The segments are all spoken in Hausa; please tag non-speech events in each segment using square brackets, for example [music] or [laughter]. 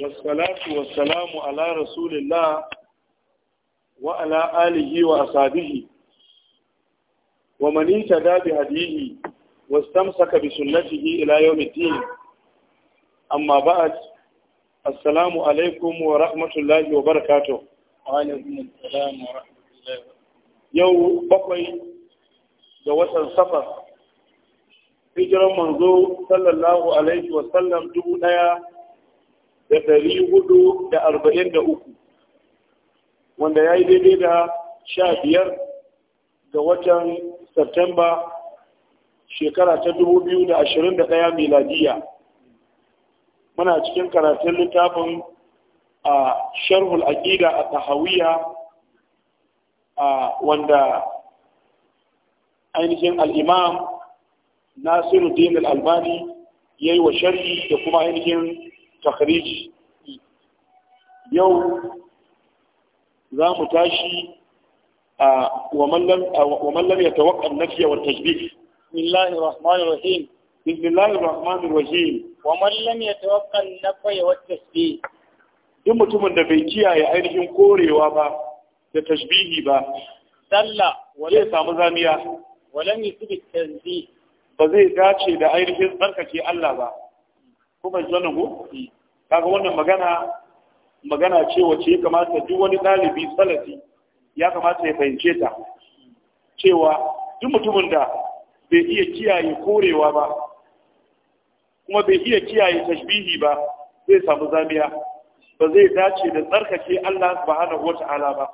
wasalatu wasalamu ala rasulillah wa ala alihi wa ashabihi wa man ittaba bi hadihi wastamsaka bi sunnatihi ila yawmiddin amma ba'd assalamu alaikum wa rahmatullahi wa barakatuh wa alaikum assalam wa rahmatullahi yau bakwai da watan safar hijiran manzo sallallahu alaihi wa sallam dubu daya da ɗari hudu da arba'in da uku wanda ya yi daidai da sha biyar ga watan Satamba shekara ta dubu biyu da ashirin da ɗaya miladiya muna cikin karatun littafin a sharhul aƙida a tahawiyya a wanda ainihin al'imam nasiruddin al'albani ya yi wa sharhi da kuma ainihin takhrij yau za mu tashi a waman lam ya tawakkan nafiya wa tajbih bismillahir rahmanir rahim bismillahir rahmanir rahim waman lam ya tawakkan nafiya wa tajbih duk mutumin da bai kiyaye ainihin korewa ba da tajbihi ba salla zai samu zamiya walam yusbi tanzih ba zai dace da ainihin tsarkake Allah ba Kuma ji wannan ko kaga wannan magana magana ce wacce ya kamata duk wani ɗalibi salafi ya kamata ya fahimce ta cewa duk mutumin da bai iya kiyaye korewa ba kuma bai iya kiyaye tashbihi ba zai samu zamiya ba zai dace da tsarkake Allah subhanahu wata'ala ba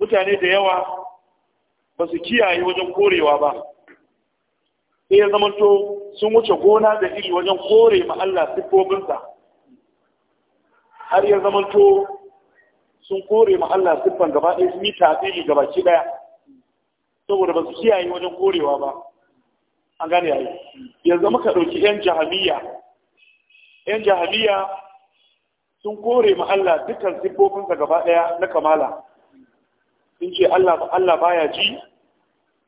mutane da yawa ba su kiyaye wajen korewa ba sai ya zamanto sun wuce gona da iri wajen kore ma Allah siffofinsa har ya zamanto sun kore ma Allah siffan gaba ɗaya sun yi ne gaba ki ɗaya saboda ba su kiyaye wajen korewa ba an gane yayi yanzu muka ɗauki 'yan jahamiya 'yan jahamiya sun kore ma Allah dukkan siffofinsa gaba ɗaya na kamala sun ce Allah baya ji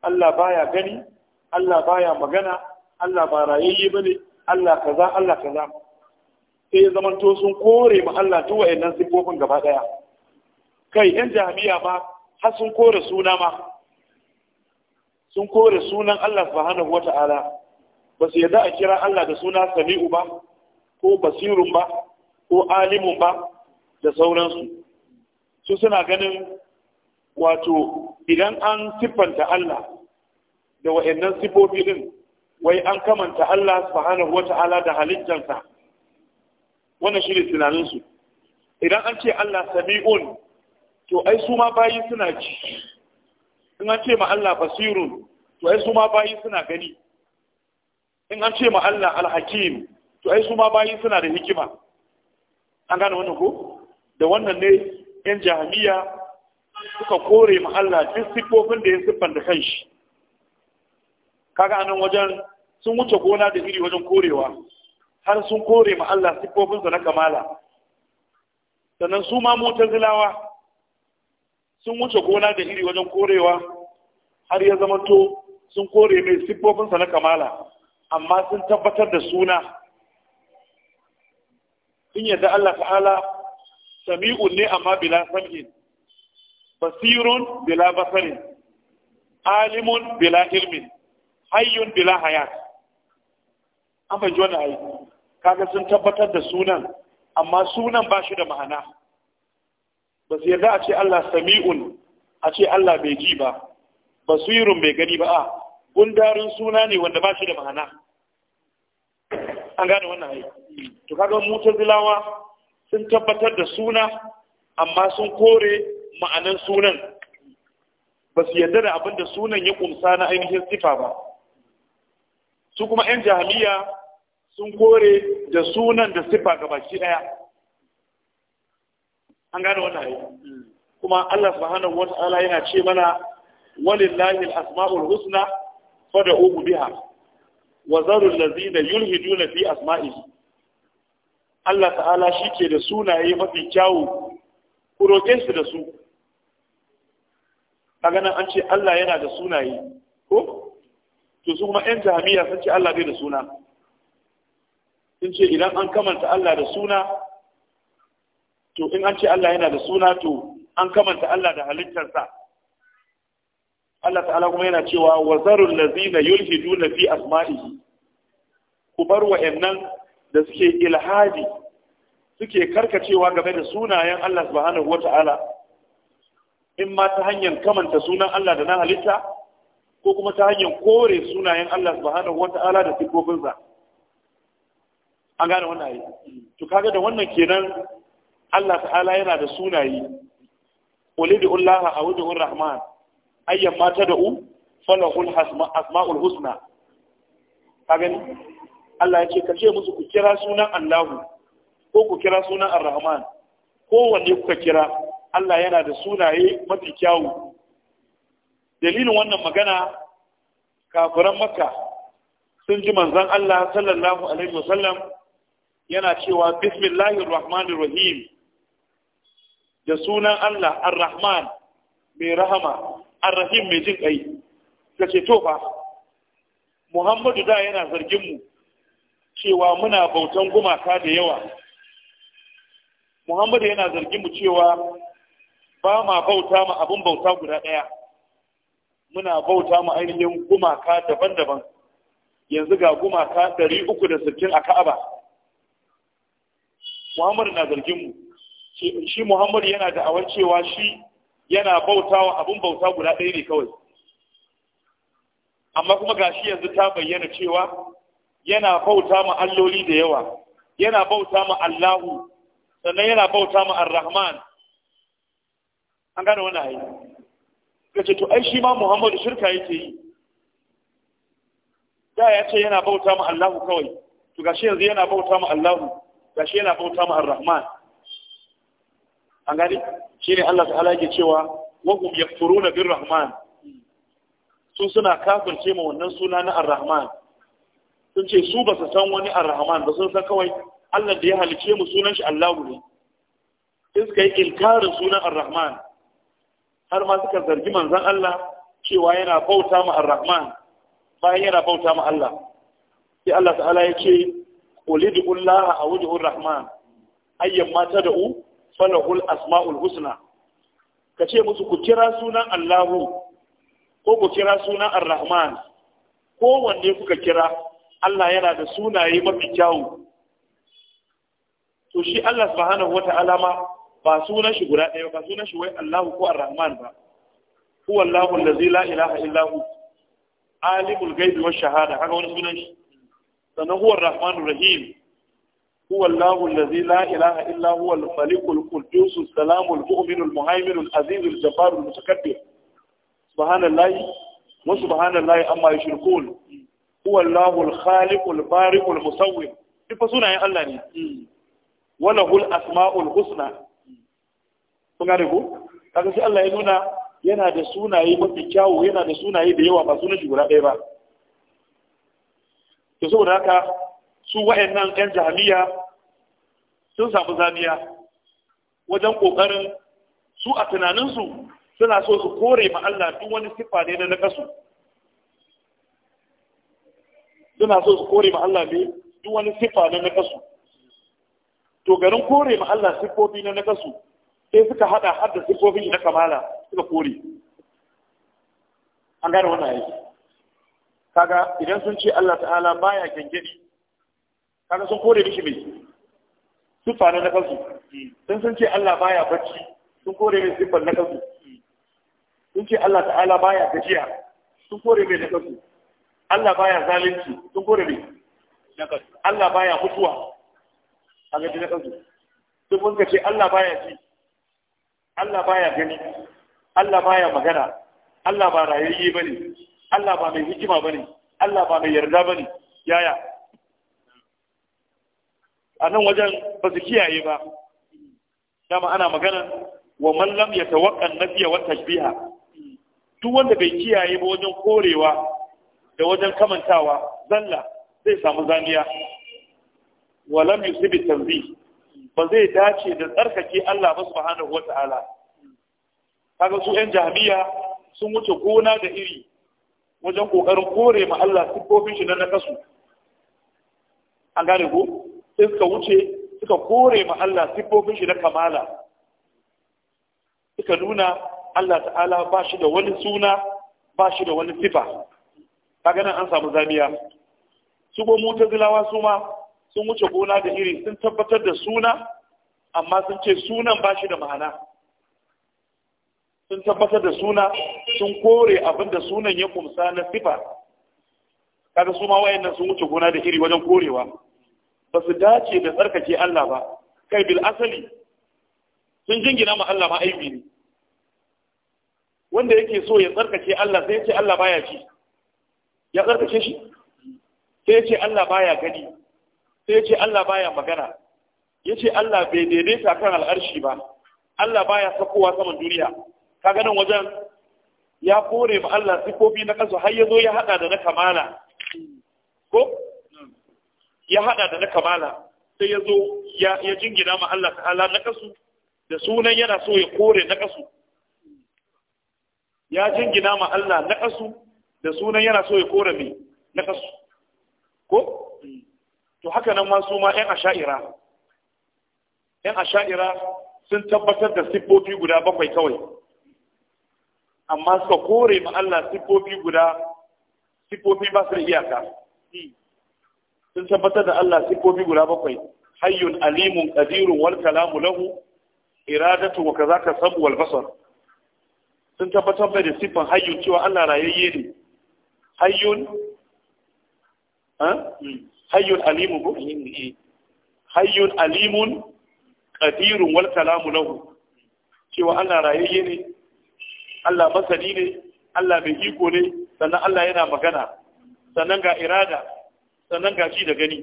Allah baya gani Allah baya magana Allah ba rayayye bane Allah kaza Allah kaza sai ya zamanto sun kore ma Allah duk wayannan sifofin gaba daya kai yan jami'a ma har sun kore suna ma sun kore sunan Allah subhanahu wata'ala ba su yadda a kira Allah da suna sami'u ba ko basirun ba ko alimun ba da sauransu su suna ganin wato idan an siffanta Allah da wa'annan sifofi din wai an kamanta Allah subhanahu wata'ala da halittansa wannan shi ne tunaninsu idan an ce Allah sami'un to ai su ma bayi suna ci in an ce ma Allah basirun to ai su ma bayi suna gani in an ce ma Allah alhakim to ai su ma bayi suna da hikima an gane wannan ko da wannan ne yan jahiliya suka kore ma Allah duk sifofin da ya siffan da kanshi kaga anan wajen sun wuce gona da iri wajen korewa har sun kore ma Allah siffofinsa na kamala sannan su ma motar mutazilawa sun wuce gona da iri wajen korewa har ya zama zamanto sun kore mai siffofinsa na kamala amma sun tabbatar da suna sun yadda Allah ta'ala sami'un ne amma bila sam'in basirun bila basarin alimun bila ilmin hayyun bila hayat amma fahimci wannan ayi kaga sun tabbatar da sunan amma sunan ba shi da ma'ana ba su yarda a ce Allah sami'un a ce Allah bai ji ba basirun bai gani ba a gundarin suna ne wanda ba shi da ma'ana an gane wannan ayi to kaga mutazilawa sun tabbatar da suna amma sun kore ma'anan sunan ba su yarda da abin da sunan ya kumsa na ainihin sifa ba su kuma 'yan jahiliya sun kore da sunan da siffa ga baki ɗaya an gane wannan yi kuma Allah subhanahu wata'ala yana ce mana walillahi al-asma'ul husna fad'uhu biha wa zaru allazina yulhiduna fi asma'ihi Allah ta'ala shi ke da sunaye mafi kyawu ku su da su A ganin an ce Allah yana da sunaye ko to su kuma yan jami'a sun ce Allah bai da suna sun ce idan an kamanta Allah da suna to in an ce Allah yana da suna to an kamanta Allah da halittarsa Allah ta'ala kuma yana cewa wa zarul lazina yulhiduna fi asma'ihi ku bar wa'annan da suke ilhadi suke karkacewa game da sunayen Allah subhanahu wata'ala in ma ta hanyar kamanta sunan Allah da na halitta ko kuma ta hanyar kore sunayen Allah subhanahu wata'ala da sifofinsa an gane wannan ayi to kaga da wannan kenan Allah ta'ala yana da sunaye ulidu ullaha a wujhur rahman ayyan ma tad'u falahul asma'ul husna kaga gani. Allah ya ce ka ce musu ku kira sunan Allahu ko ku kira sunan Ar-Rahman ko wanne kuka kira Allah yana da sunaye mafi kyawu dalilin wannan magana kafiran makka sun ji manzon Allah sallallahu alaihi wasallam yana cewa bismillahir rahmanir rahim da sunan Allah ar-rahman mai rahama ar-rahim mai jin kai kace to fa Muhammadu da yana zargin mu cewa muna bautan gumaka da yawa Muhammadu yana zargin mu cewa ba ma bauta ma abin bauta guda ɗaya muna bauta mu ainihin gumaka daban-daban yanzu ga gumaka 360 a ka'aba muhammadu na zargin mu shi muhammadu yana da awan cewa shi yana bautawa abin bauta guda ɗaya ne kawai amma kuma ga yanzu ta bayyana cewa yana bauta mu alloli da yawa yana bauta ma allahu sannan yana bauta ma ar-rahman an gane wannan kace to ai shi ma Muhammadu shirka yake yi da ya ce yana bauta ma Allahu kawai to gashi yanzu yana bauta ma Allahu gashi yana bauta ma Ar-Rahman an gani ne Allah ta'ala yake cewa wa hum yakfuruna bir-Rahman su suna kafirce ma wannan suna na Ar-Rahman sun ce su ba su san wani Ar-Rahman ba sun san kawai Allah da ya halice mu sunan shi Allahu ne sai suka yi inkarin sunan Ar-Rahman har ma suka zargi manzon Allah cewa yana bauta ma Ar-Rahman bayan yana bauta ma Allah sai Allah ta'ala ya ce ulidullaha a wujhur rahman ayyan mata da'u falahul asma'ul husna ka ce musu ku kira sunan Allahu ko ku kira sunan Ar-Rahman ko wanne kuka kira Allah yana da sunaye mafi kyawu to shi Allah subhanahu wata'ala ma ba sunan shi guda ɗaya ba sunan shi wai Allahu ko Ar-Rahman ba huwa Allahu allazi la ilaha illa hu alimul ghaibi wash shahada haka wani sunan shi sannan huwa Ar-Rahmanur Rahim huwa Allahu allazi la ilaha illa huwa al-Maliku qudus as-Salamu al-Mu'minu al-Muhaiminu al-Azizu al-Jabbaru al-Mutakabbir subhanallahi wa subhanallahi amma yushrikun huwa Allahu al-Khaliqu al-Bari'u al-Musawwir duk sunayen Allah ne wala hul asma'ul husna kun gane ko kaga sai Allah ya nuna yana da sunaye mafi kyawu yana da sunaye da yawa ba sunan shi guda ɗaya ba to saboda haka su wa'annan ƴan jahiliya sun samu zaniya wajen kokarin su a tunaninsu suna so su kore ma Allah duk wani sifa ne na nakasu suna so su kore ma Allah ne duk wani sifa na nakasu to garin kore ma Allah sifofi na nakasu sai suka hada har da sifofin shi na kamala suka kore an gane wannan aiki kaga idan sun ce Allah ta'ala baya gengedi kaga sun kore mishi mai siffa na kansu sun sun ce Allah baya bacci sun kore mai siffar na kansu sun ce Allah ta'ala baya gajiya sun kore mai na kansu Allah baya zalunci sun kore mai Allah baya mutuwa a gaji na kansu sun mun ce Allah baya ji Allah baya gani Allah baya magana Allah ba rayayye ne, Allah ba mai hikima ne, Allah ba mai yarda ba ne, yaya a nan wajen ba su kiyaye ba dama ana magana wa Mallam ya tawakan na fiye wa biya. duk wanda bai kiyaye ba wajen korewa da wajen kamantawa zalla zai samu zaniya wa lam yusibi tanzih ba zai dace da tsarkake Allah ba subhanahu ta'ala. kaga su yan jami'a sun wuce gona da iri wajen kokarin kore ma Allah siffofin shi na nakasu an gane ko sai suka wuce suka kore ma Allah siffofin shi na kamala suka nuna Allah ta'ala ba shi da wani suna ba shi da wani sifa kaga nan an samu zamiya su ko mutazilawa su ma sun wuce gona da iri sun tabbatar da suna amma sun ce sunan ba shi da ma'ana sun tabbatar da suna sun kore abin da sunan ya kumsa na sifa kaga su ma wayannan sun wuce gona da iri wajen korewa ba su dace da tsarkake Allah ba kai bil asali sun jingina ma Allah ma aibi ne wanda yake so ya tsarkake Allah sai ya ce Allah baya ji ya tsarkake shi sai ya ce Allah baya gani sai ce Allah baya magana ya ce Allah bai daidaita kan al'arshi ba Allah baya sakowa saman duniya kaga nan wajen ya kore ma Allah sifofi na kansu har ya zo ya hada da na kamala ko ya hada da na kamala sai ya zo ya jingina ma Allah ta'ala na kasu da sunan yana so ya kore na kasu ya jingina ma Allah na kasu da sunan yana so ya kore mai na kasu ko to haka nan ma su ma yan asha'ira yan asha'ira sun tabbatar da siffofi guda bakwai kawai amma suka kore ma Allah siffofi guda siffofi ba su da iyaka sun tabbatar da Allah siffofi guda bakwai hayyun alimun qadirun wal kalamu lahu iradatu wa kazaka sabu wal basar sun tabbatar da siffan hayyun cewa Allah rayayye ne hayyun hmm. hayyun alimun ko eh. hayyun alimun qadirun wal kalamu lahu cewa Allah rayayye ne Allah masani ne Allah mai iko ne sannan Allah yana magana sannan ga irada sannan ga shi da gani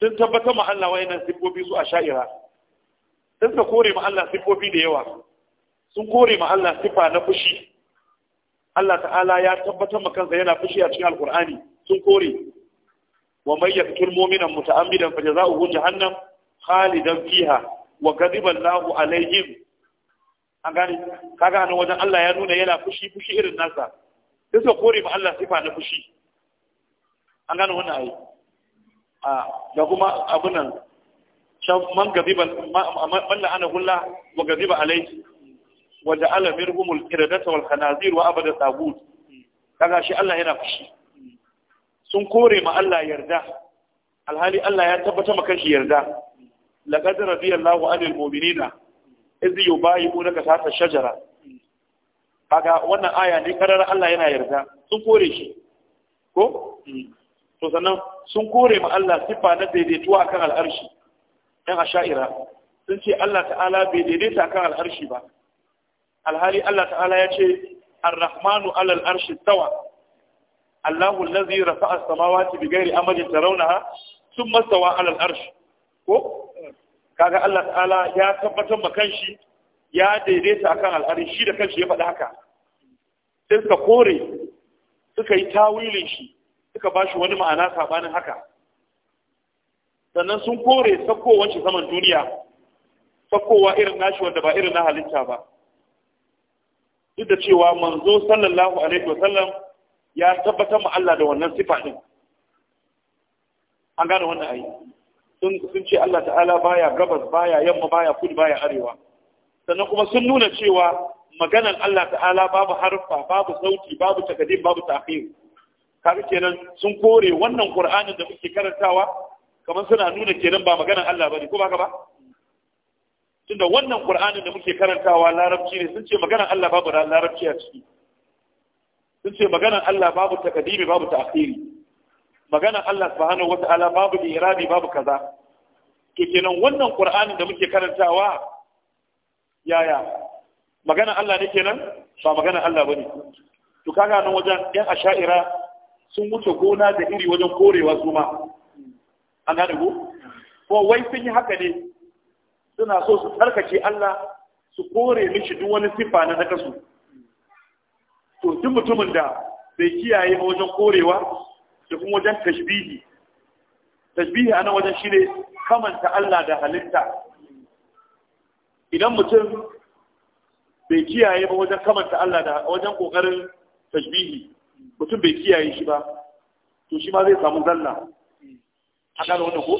sun tabbatar ma Allah wayannan sifofi su a sha'ira sun ka kore ma Allah sifofi da yawa sun kore ma Allah sifa na fushi Allah ta'ala ya tabbatar ma kansa yana fushi a cikin alkur'ani sun kore Wa ومن يقتل مؤمنا متعمدا فجزاؤه جهنم خالدا فيها وغضب الله عليهم an gane kaga nan wajen Allah ya nuna yana fushi fushi irin nasa sai su kore ma Allah sifa na fushi an gane wannan ayi a da kuma abun nan shan man gaziba man la'ana hulla wa gaziba alai wa ja'ala minhum al-qiradata wal khanazir wa abada tagut kaga shi Allah yana fushi sun kore ma Allah yarda alhali Allah ya tabbata maka shi yarda laqad radiyallahu anil mu'minina idh yubayyi'unaka tahta shajara kaga wannan aya ne karar Allah yana yarda sun kore shi ko to sannan sun kore ma Allah sifa na daidaituwa akan al'arshi ɗan asha'ira sun ce Allah ta'ala bai daidaita akan al'arshi ba alhali Allah ta'ala ya ce ar-rahmanu alal arshi tawa Allahu allazi rafa'a as-samawati bighairi amadin tarawnaha thumma stawa 'ala al-arsh ko kaga Allah ta'ala ya tabbatar ma kanshi ya daidaita akan al'arshi shi da kanshi ya faɗi haka sai suka kore suka yi tawilin shi suka shi wani ma'ana sabanin haka sannan sun kore sakkowar shi saman duniya sakkowa irin nashi wanda ba irin na halitta ba duk da cewa manzo sallallahu alaihi wa sallam. ya tabbatar ma Allah da wannan sifa din an gane wannan ayi sun sun ce Allah ta'ala baya gabas baya yamma baya kudu baya arewa sannan kuma sun nuna cewa maganan Allah ta'ala babu harfa babu sauti babu takadim babu ta'khir kaga kenan sun kore wannan Qur'anin da muke karantawa kamar suna nuna kenan ba maganan Allah bane ko ba ka ba tunda wannan Qur'anin da muke karantawa larabci ne sun ce maganan Allah babu larabci a ciki sun ce maganan Allah babu takadimi babu ta'khiri maganar Allah subhanahu wata'ala babu irabi babu kaza to kenan wannan qur'ani da muke karantawa yaya maganan Allah ne kenan ba maganan Allah bane to kaga nan wajen yan asha'ira sun wuce gona da iri wajen korewa su ma an gane ku? ko wai sun yi haka ne suna so su tsarkake Allah su kore mishi duk wani sifa na nakasu to duk mutumin da bai kiyaye ba wajen korewa da kuma wajen tashbihi tashbihi ana wajen shi ne kamanta Allah da halitta idan mutum bai kiyaye ba wajen kamanta Allah da wajen kokarin tashbihi mutum bai kiyaye shi ba to shi ma zai samu zalla a gane wannan ko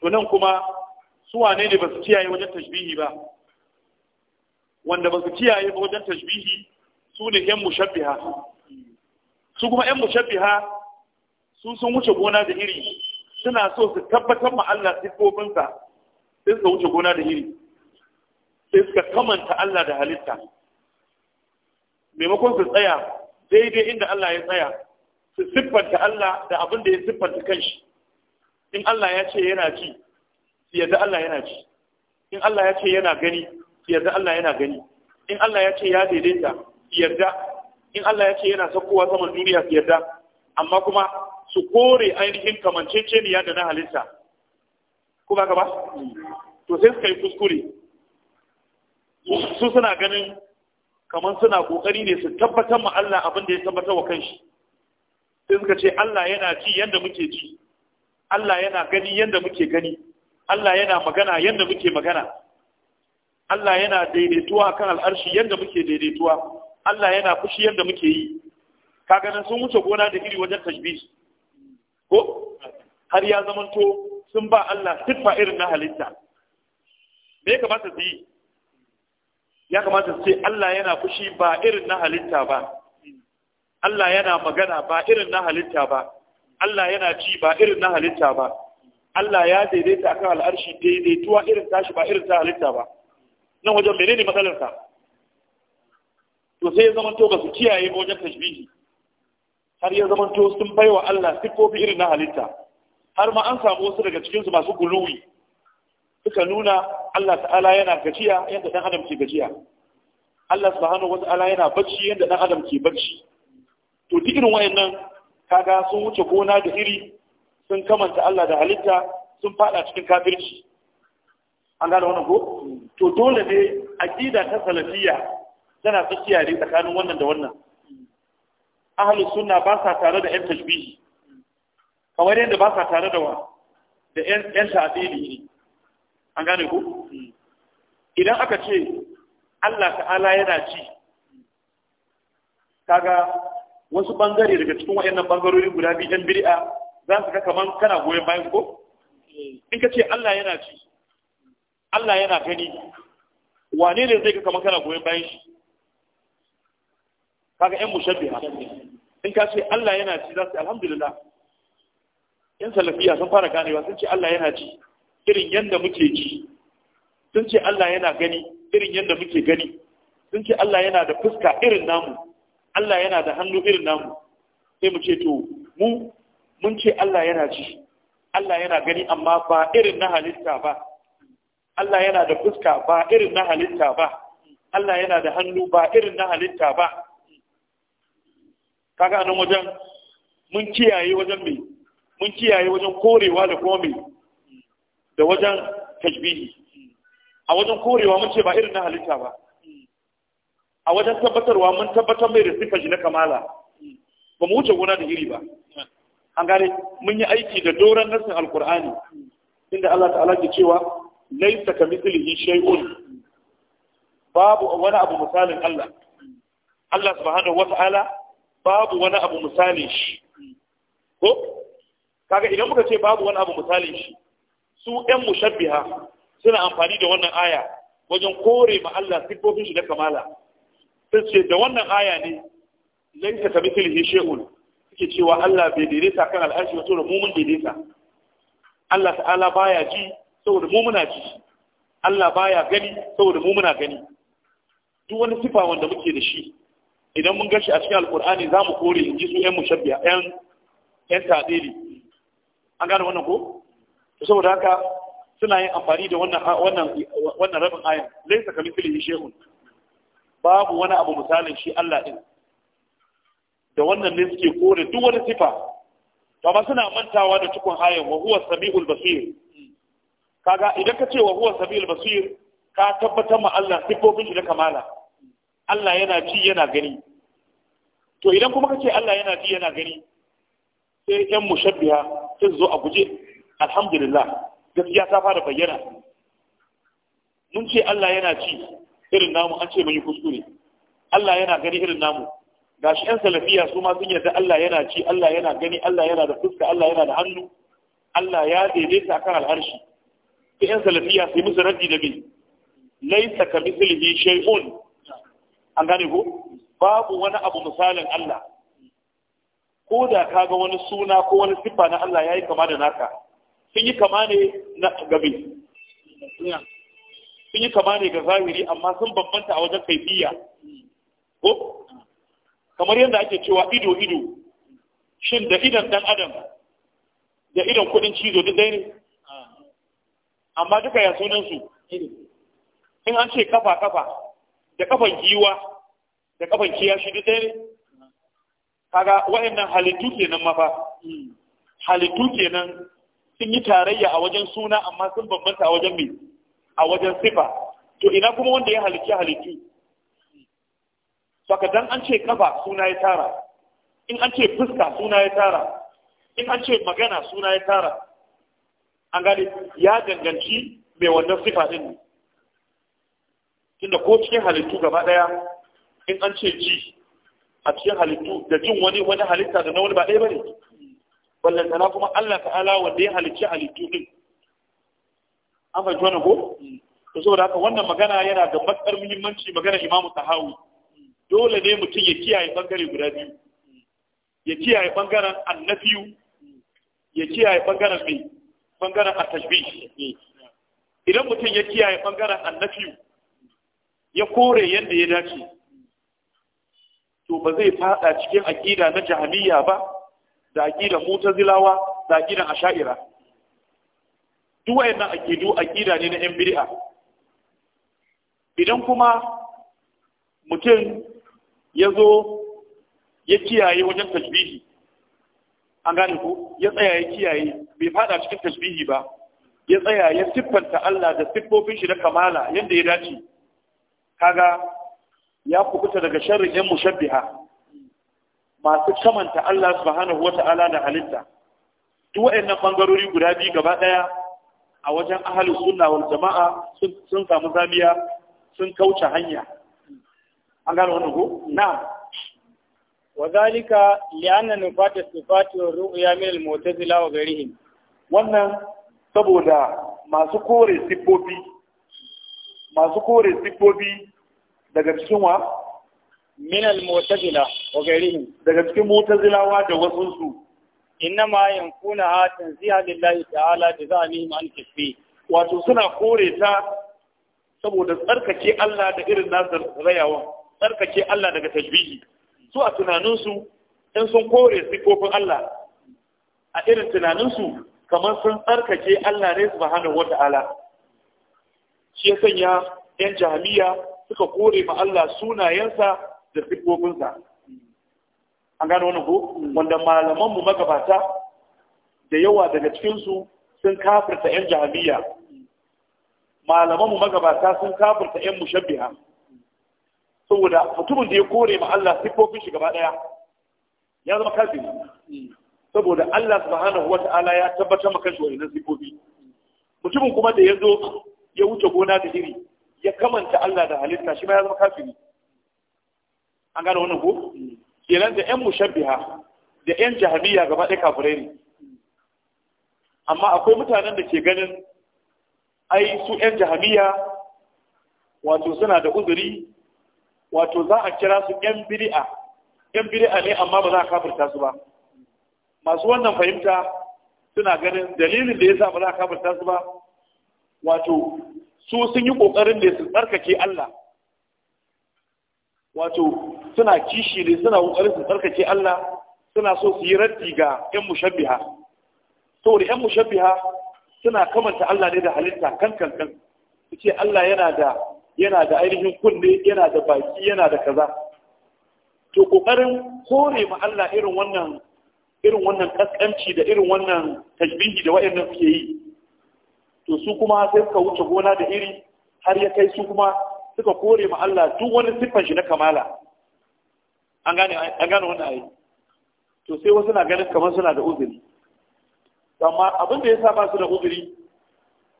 to nan kuma su wane ne ba su kiyaye wajen tashbihi ba wanda ba su kiyaye ba wajen tashbihi su ne yan mushabbiha su kuma yan mushabbiha su sun wuce gona da iri suna so su tabbatar ma Allah sifofinsa sai suka wuce gona da iri sai suka kamanta Allah da halitta maimakon su tsaya daidai inda Allah ya tsaya su siffanta Allah da abin da ya siffanta kanshi in Allah ya ce yana ji su yadda Allah yana ji in Allah ya ce yana gani su yadda Allah yana gani in Allah ya ce ya daidaita yarda in Allah ya ce yana saukowa saman duniya su yarda amma kuma su kore ainihin ne da na halitta Ku ba ba to sai suka yi kuskure su suna ganin kamar suna kokari ne su tabbatar ma Allah abin da ya tabbatar wa kanshi sai suka ce Allah yana ci yanda muke ji Allah yana gani yanda muke gani Allah yana magana yanda muke magana Allah yana daidaituwa kan al'arshi yadda muke daidaituwa Allah yana fushi yadda muke yi Kaganin sun wuce gona da iri wajen tashbis. ko har ya zamanto sun ba Allah siffa irin na halitta me ya kamata su yi ya kamata su ce Allah yana fushi ba irin na halitta ba Allah yana magana ba irin na halitta ba Allah yana ci ba irin na halitta ba Allah ya daidaita akan al'arshi daidaituwa irin tashi ba irin ta halitta ba nan wajen menene matsalarsa to sai ya zamanto ba su kiyaye ba wajen tashbihi har ya zamanto sun baiwa Allah siffofi irin na halitta har ma an samu wasu daga cikinsu masu guluwi suka nuna Allah ta'ala yana gajiya yadda dan adam ke gajiya Allah subhanahu wa ta'ala yana bacci yadda dan adam ke bacci to duk irin wayannan kaga sun wuce gona da iri sun kamanta Allah da halitta sun fada cikin kafirci an gane wannan ko to dole ne aqida ta salafiyya tana tsakiya ne tsakanin wannan da wannan ahlus sunna ba sa tare da yan tashbihi kamar yadda ba sa tare da wa da yan ta'dili ne an gane ku idan aka ce Allah ta'ala yana ci kaga wasu bangare daga cikin wayannan bangarori guda biyu yan bid'a za su ga kaman kana goyon bayan ko in ka ce Allah yana ci Allah yana gani wane ne zai ga kaman kana goyon bayan shi kaga yan mushabbiha in ka ce Allah yana ci za su alhamdulillah yan salafiya sun fara ganewa sun ce Allah yana ci irin yadda muke ji, sun ce Allah yana gani irin yadda muke gani sun ce Allah yana da fuska irin namu Allah yana da hannu irin namu sai mu ce to mu mun ce Allah yana ci Allah yana gani amma ba irin na halitta ba Allah yana da fuska ba irin na halitta ba Allah yana da hannu ba irin na halitta ba kaga anan wajen mun kiyaye wajen mai mun kiyaye wajen korewa da kuma mai da wajen tajbihi a wajen korewa mun ce ba irin na halitta ba a wajen tabbatarwa mun tabbatar mai da sifaji na kamala ba mu wuce gona da iri ba an gane mun yi aiki da doron nasin alkur'ani inda Allah ta'ala ke cewa laisa ka mithlihi shay'un babu wani abu misalin Allah Allah subhanahu ala. babu wani abu misalin shi ko kaga idan muka ce babu wani abu misalin shi su ɗan mushabbiha suna amfani da wannan aya wajen kore ma Allah sifofin shi da kamala sai ce da wannan aya ne laisa ka mithlihi shay'un suke cewa Allah bai daidaita kan al'arshi ba saboda mu mun daidaita Allah ta'ala baya ji saboda mu muna ji Allah baya gani saboda mu muna gani duk wani sifa wanda muke da shi idan mun gashi a cikin alkur'ani za mu kore in ji su yan mushabbiya yan yan tadili an gane wannan ko to saboda haka suna yin amfani da wannan wannan wannan rabin ayan laysa kamithlihi shay'un babu wani abu misalin shi Allah din da wannan ne suke kore duk wani sifa to amma suna mantawa da cikon ayan wa huwa samiul basir kaga idan ka ce wa huwa samiul basir ka tabbatar ma Allah sifofin shi da kamala Allah yana ci yana gani to idan kuma kace Allah yana ci yana gani sai yan mushabbiha sai zo a guje alhamdulillah gaskiya ta fara bayyana mun ce Allah yana ci irin namu an ce mun yi kuskure Allah yana gani irin namu gashi yan salafiya su ma sun yarda Allah yana ci Allah yana gani Allah yana da fuska Allah yana da hannu Allah ya daidaita kan al'arshi sai yan salafiya sai musu raddi da bi laisa ka mislihi shay'un an gane ko babu wani abu misalin Allah ko da ka ga wani suna ko wani siffa na Allah ya yi kama da naka sun yi kama ne na gabe sun yi kama ne ga zahiri amma sun bambanta a wajen kaifiya ko kamar yadda ake cewa ido ido shin da idan dan adam da idan kudin cizo duk dai ne amma duka ya sunan su in an ce kafa kafa da kafan giwa da kafan shi duk dai ne kaga wayannan halittu kenan mafa halittu kenan sun yi tarayya a wajen suna amma sun bambanta a wajen me a wajen sifa to ina kuma wanda ya halicci halittu saka dan an ce kafa suna ya tara in an ce fuska suna ya tara in an ce magana suna ya tara an gane ya danganci mai wannan sifa din ne tunda ko cikin halittu gaba daya in an ce ji a cikin halittu da jin wani wani halitta da na wani ba ɗaya ba ne? wallan tana kuma Allah ta'ala wanda ya halicci halittu din an fahimci wannan ko to saboda haka wannan magana yana da matsar muhimmanci magana Imamu Tahawi dole ne mutum ya kiyaye bangare guda biyu ya kiyaye bangaren annabiyu ya kiyaye bangaren mai bangaren at idan mutum ya kiyaye bangaren annabiyu ya kore yadda ya dace to ba zai fada cikin aqida na jahiliya ba da aqida mutazilawa da aqida asha'ira duk wayannan aqidu aqida ne na yan bid'a idan kuma mutum ya zo ya kiyaye wajen tasbihi an gane ku ya tsaya ya kiyaye bai fada cikin tasbihi ba ya tsaya ya siffanta Allah da siffofin shi na kamala yadda ya dace kaga ya kubuta daga sharrin yan mushabbiha masu kamanta Allah subhanahu wata'ala da halitta duk wayannan bangarori guda biyu gaba daya a wajen ahlus sunna wal jama'a sun samu zamiya sun kauce hanya an gano wannan ko na'am وذلك لأن نفات الصفات والرؤيا mutazila wa وغيرهم wannan saboda masu kore siffofi masu kore siffofi daga cikin wa minal motazila wa ghayrihim daga cikin motazilawa da wasu su innama yankuna ha tanziha lillahi ta'ala da za a zalihim an kifi wato suna kore ta saboda tsarkake Allah da irin nasu rayawa tsarkake Allah daga tajbiji su a tunaninsu in sun kore sifofin Allah a irin tunaninsu kamar sun tsarkake Allah ne subhanahu ala. shi ya sanya yan jahamiya suka kore ma Allah sunayensa da sifofinsa an gano wani ko wanda malamanmu magabata da yawa daga cikinsu sun kafirta yan jahamiya malamanmu magabata sun kafirta yan mushabbiha saboda mutumin da ya kore ma Allah sifofin shi gaba daya ya zama kafiri saboda Allah subhanahu wata'ala ya tabbatar maka shi wa'annan sifofi mutumin kuma da ya zo ya wuce gona da iri ya kamanta Allah da halitta shi ma ya zama kafiri an gane wannan ko kenan da ƴan mushabbiha da ƴan jahabiyya gaba ɗaya kafirai ne amma akwai mutanen da ke ganin ai su ƴan jahabiyya wato suna da uzuri wato za a kira su ƴan bid'a ƴan bid'a ne amma ba za a kafirta su ba masu wannan fahimta suna ganin dalilin da yasa ba za a kafirta su ba wato su sun yi ƙoƙarin ne su tsarkake Allah wato suna kishi ne suna ƙoƙarin su tsarkake Allah suna so su yi raddi ga 'yan mushabbiha saboda 'yan mushabbiha suna kamanta Allah ne da halitta kan kan kan su Allah yana da yana da ainihin kunne yana da baki yana da kaza to ƙoƙarin kore ma Allah irin wannan irin wannan kaskanci da irin wannan tajbihi da wayannan suke yi to su kuma sai suka wuce gona da iri har ya kai su kuma suka kore ma Allah duk wani siffan shi na kamala an gane an gane wannan ayi to sai wasu na ganin kamar suna da uzuri amma abin da yasa ba su da uzuri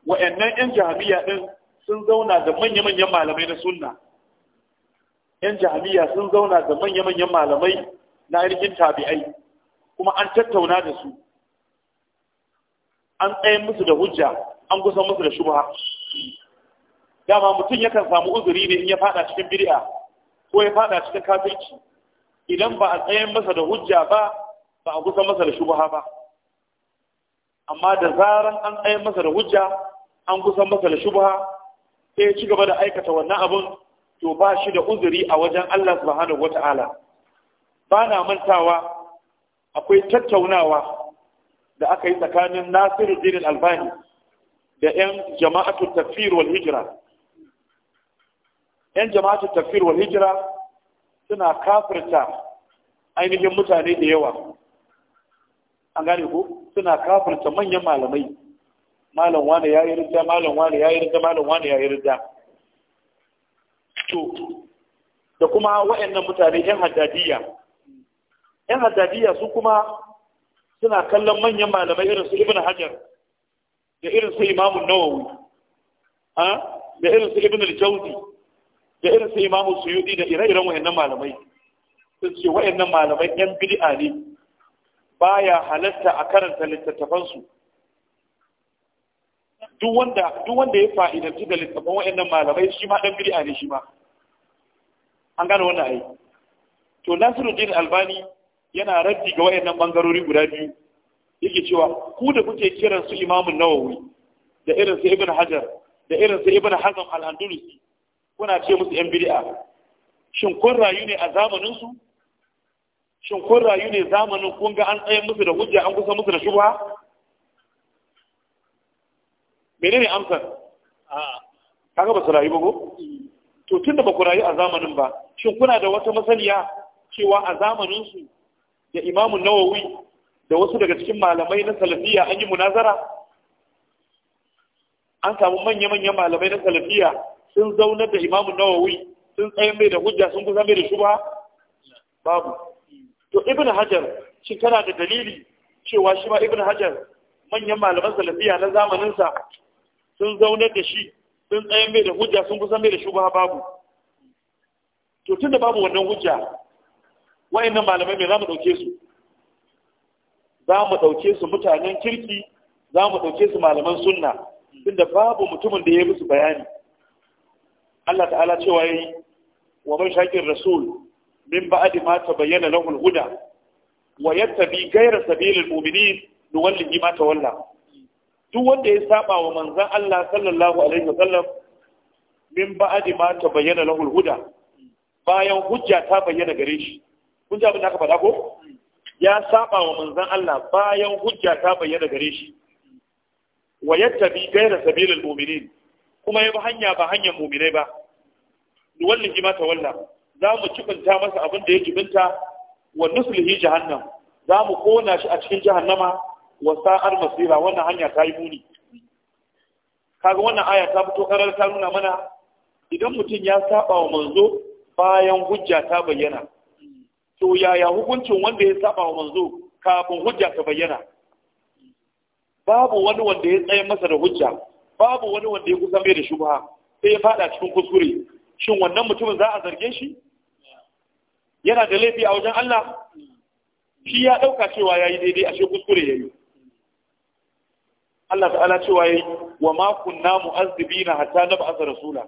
wa'annan yan jahamiya din sun zauna da manya-manyan malamai na sunna yan jahamiya sun zauna da manya-manyan malamai na ainihin tabi'ai kuma an tattauna da su an tsaye musu da hujja an kusan musu da shubha dama mutum yakan samu uzuri ne in ya fada cikin bid'a ko ya fada cikin kafirci idan ba a tsayen masa da hujja ba ba a kusan masa da shubha ba amma da zaran an tsayen masa da hujja an kusan masa da shubha sai ya ci gaba da aikata wannan abun to ba shi da uzuri a wajen Allah subhanahu wata'ala ba na mantawa akwai tattaunawa da aka yi tsakanin Nasiru Dinin Albani da 'yan jama'atu tafiyar wal hijira 'yan jama'atu tafiyar wal hijira suna kafirta ainihin mutane da yawa an gane ku suna kafirta manyan malamai malam wani ya yi rida malam wani ya yi rida malam wani ya yi rida to da kuma wa'annan mutane 'yan haddadiya 'yan haddadiya su kuma suna kallon manyan malamai irin su ibn hajar da irin su imamu nawawi da irin su ibn al-jawzi da irin su imamu suyudi da ire-iren wayannan malamai sun ce wayannan malamai yan bid'a ne baya halatta a karanta littattafan su duk wanda duk wanda ya fa'idanci da littattafan wayannan malamai shi ma dan bid'a ne shi ma an gane wannan ai to Nasiruddin Albani yana raddi ga wayannan bangarori guda biyu yake cewa ku da kuke kiran su imamun nawawi da irin su ibn hajar da irin su ibn hazm al-andalusi kuna ce musu yan bid'a shin kun rayu ne a zamanin su shin kun rayu ne zamanin kun ga an tsaye musu da hujja an kusa musu da shubha menene amsar kaga ba su rayu ba ko to tunda ba ku rayu a zamanin ba shin kuna da wata masaniya cewa a zamanin su da imamun nawawi da wasu daga cikin malamai na salafiya an yi munazara an samu manya-manyan malamai na salafiya sun zaunar da imamun nawawi sun tsayin mai da hujja sun kusa mai da shuba babu to ibn hajar shi kana da dalili cewa shi ma ibn hajar manyan malaman salafiya na zamaninsa sun zaunar da shi sun tsayin mai da hujja sun kusa mai da shuba babu to tun da babu wannan hujja wa'annan malamai mai zamu dauke su za mu ɗauke su mutanen kirki za mu ɗauke su malaman sunna tunda babu mutumin da ya musu bayani Allah ta'ala cewa yayi wa man shaqir rasul min ba'di ma tabayyana lahu al-huda wa yattabi ghayra sabilil mu'minin nuwallihi ma tawalla duk wanda ya saba wa manzon Allah sallallahu alaihi wasallam min ba'di ma tabayyana lahu al-huda bayan hujja ta bayyana gare shi kun ji abin da aka faɗa ko ya saba wa manzan Allah bayan hujja ta bayyana gare shi wa yattabi gaira sabilil mu'minin kuma ya bi hanya ba hanyar mu'minai ba nuwallihi ma walla za mu cibinta masa abin da ya kibinta wa nuslihi jahannam za mu kona shi a cikin jahannama wa sa'ar masira wannan hanya ta yi muni kaga wannan aya ta fito karar ta nuna mana idan mutum ya saba wa manzo bayan hujja ta bayyana to yaya hukuncin wanda ya saba wa manzo kafin hujja ta bayyana babu wani wanda ya tsaye masa da hujja babu wani wanda ya kusa mai da shubha sai ya fada cikin kuskure shin wannan mutumin za a zarge shi yana da laifi a wajen Allah shi ya dauka cewa yayi daidai ashe kuskure yayi Allah ta'ala cewa yayi wa ma kunna mu'azzibina hatta nab'atha rasula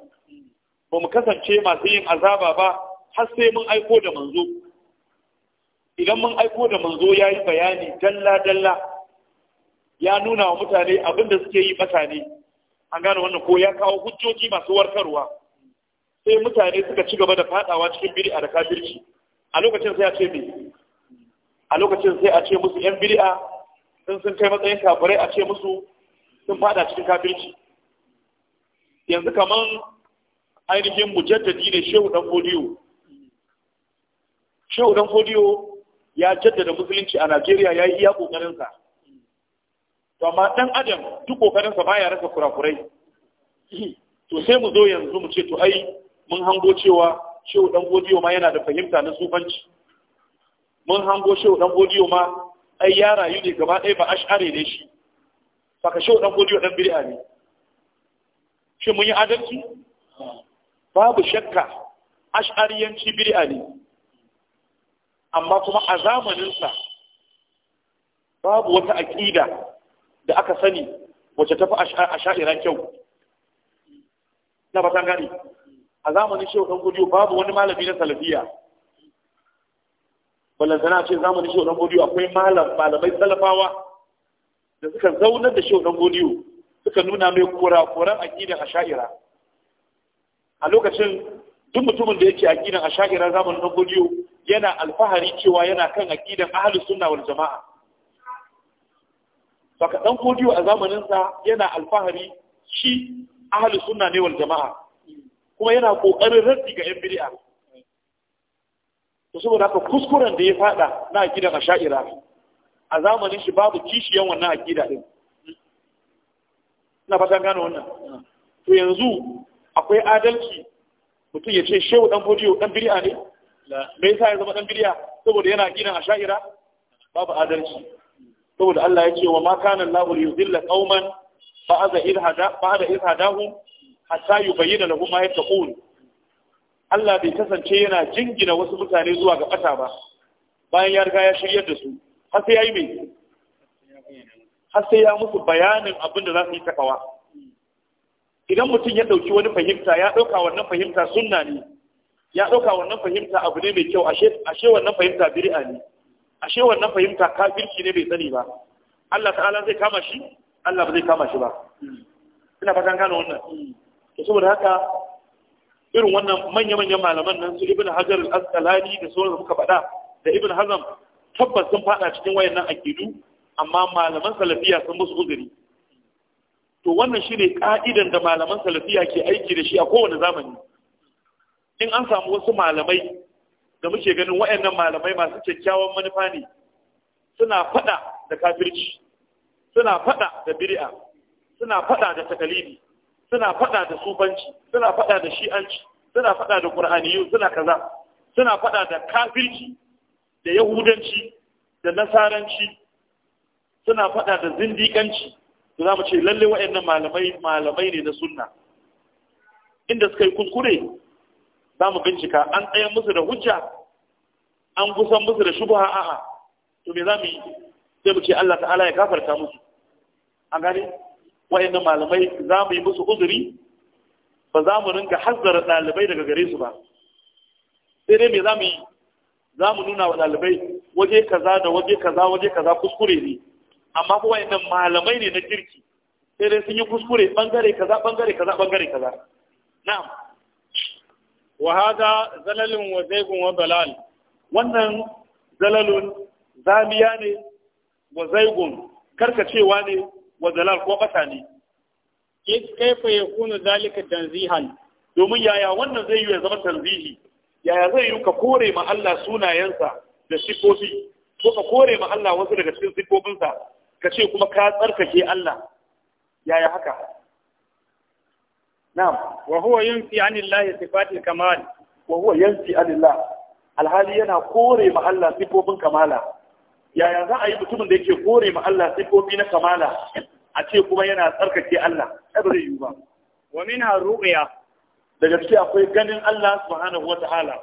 ba mu kasance masu yin azaba ba har sai mun aiko da manzo idan mun aiko da manzo ya yi bayani dalla-dalla ya nuna wa mutane abinda suke yi bata ne an gano wannan ko ya kawo hujjoji masu warkarwa sai mutane suka ci gaba da fadawa cikin bid'a da kafirci a lokacin sai a ce me a lokacin sai a ce musu yan bid'a sun sun kai matsayin kafirai a ce musu sun fada cikin kafirci yanzu kaman ainihin mujaddadi ne shehu dan fodiyo shehu dan fodiyo ya jaddada musulunci a Najeriya ya yi iya ƙoƙarinsa. To amma ɗan Adam duk ƙoƙarinsa baya rasa kurakurai. To sai mu zo yanzu mu ce to ai mun hango cewa shehu ɗan godiyo ma yana da fahimta na sufanci. Mun hango shehu ɗan godiyo ma ai ya rayu ne gaba ɗaya ba ash'are ne shi. Faka shehu ɗan godiyo ɗan bir'a ne. Shin mun yi adalci? Babu shakka ash'ariyanci bir'a ne. amma kuma a zamaninsa babu wata aƙida da aka sani wacce tafi a sha'ira kyau na ba san gani a zamanin shehu dan godiyo babu wani malami na salafiya sana ce zamanin shehu dan godiyo akwai malamai salafawa da suka zaunar da shehu dan godiyo suka nuna mai kurakuran aƙidan a sha'ira a lokacin duk mutumin da yake aƙidan a sha'ira zamanin dan godiyo yana alfahari cewa yana kan aqidan ahlus sunna wal jama'a saka dan kodiyo a zamanin sa yana alfahari shi ahlus sunna ne wal jama'a kuma yana kokarin raddi ga yan bid'a to saboda haka kuskuren da ya fada na aqidan asha'ira a zamanin shi babu kishiyan wannan aqida din na fatan gano wannan to yanzu akwai adalci mutum ya ce shehu dan kodiyo dan bid'a ne me yasa ya zama dan bidiya saboda yana gina asha'ira babu adalci saboda Allah ya ce wa ma kana Allahu yuzilla qauman ba'da irhada ba'da ilhadahu hatta yubayyana lahum ma yattaqun Allah bai kasance yana jingina wasu mutane zuwa ga kasa ba bayan ya riga ya shiryar da su har sai yayi mai har sai ya musu bayanin abin da za su yi takawa idan mutum ya dauki wani fahimta ya dauka wannan fahimta sunna ne ya ɗauka wannan fahimta abu ne mai kyau ashe wannan fahimta biri'a ne ashe wannan fahimta kafirci ne bai tsani ba Allah ta'ala zai kama shi Allah ba zai kama shi ba ina fatan gano wannan to saboda haka irin wannan manya-manyan malaman nan su Ibn Hajar al-Asqalani da sauran da muka faɗa da Ibn Hazm tabbas sun faɗa cikin wayannan akidu amma malaman salafiya sun musu uzuri to wannan shine ka'idan da malaman salafiya ke aiki da shi a kowane zamani in an samu wasu malamai da muke ganin waɗannan malamai masu kyakkyawan manufa ne suna faɗa da kafirci suna faɗa da bid'a suna faɗa da takalibi suna faɗa da sufanci suna faɗa da shi'anci suna faɗa da qur'aniyu suna kaza suna faɗa da kafirci da yahudanci da nasaranci suna faɗa da zindiƙanci to za mu ce lalle waɗannan malamai malamai ne na sunna inda suka yi kuskure za mu bincika an tsayan musu da hujja an kusan musu da shubha a'a to me za mu yi sai mu ce Allah ta'ala ya kafarta musu an gane wayannan malamai za mu yi musu uzuri ba za mu ringa hazzara ɗalibai daga gare su ba sai dai me za mu yi za mu nuna wa ɗalibai waje kaza da waje kaza waje kaza kuskure ne amma kuma wayannan malamai ne na kirki sai dai sun yi kuskure bangare kaza bangare kaza bangare kaza na'am wa hada zalalun wa wannan zalalun zamiya ne wa zaigun karkacewa ne wa zalal ko bata ne is kaifa kuna zalika tanzihan domin yaya wannan zai yi ya zama tanzihi yaya zai yi ka kore ma Allah sunayensa da sifofi ko ka kore ma Allah wasu daga cikin sifofinsa ka ce kuma ka tsarkake Allah yaya haka na'am wa huwa yunfi anillahi sifatil kamal wa huwa yanfi alhali yana kore ma Allah sifofin kamala yaya za a yi mutumin da yake kore ma Allah sifofi na kamala a ce kuma yana tsarkake Allah ai ba zai ba wa minha ru'ya daga cikin akwai ganin Allah subhanahu wata'ala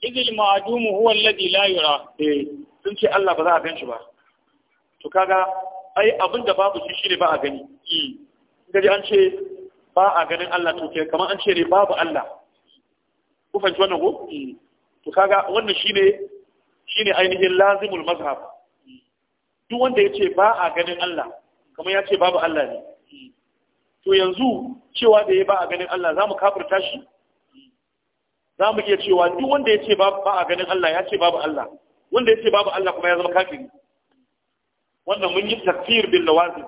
idil ma'dumu huwa alladhi la yura eh sun ce Allah ba za a gan shi ba to kaga ai abin babu shi ba a gani hmm. in an ce ba a ganin Allah to kai kamar an ce ne babu Allah ku fanci wannan ko to kaga wannan shine shine ainihin lazimul mazhab duk wanda yace ba a ganin Allah kamar ya ce babu Allah ne to yanzu cewa da ya ba a ganin Allah zamu kafirta shi zamu iya cewa duk wanda yace ba a ganin Allah ya ce babu Allah wanda yace babu Allah kuma ya zama kafiri wannan mun yi takfir bil lawazim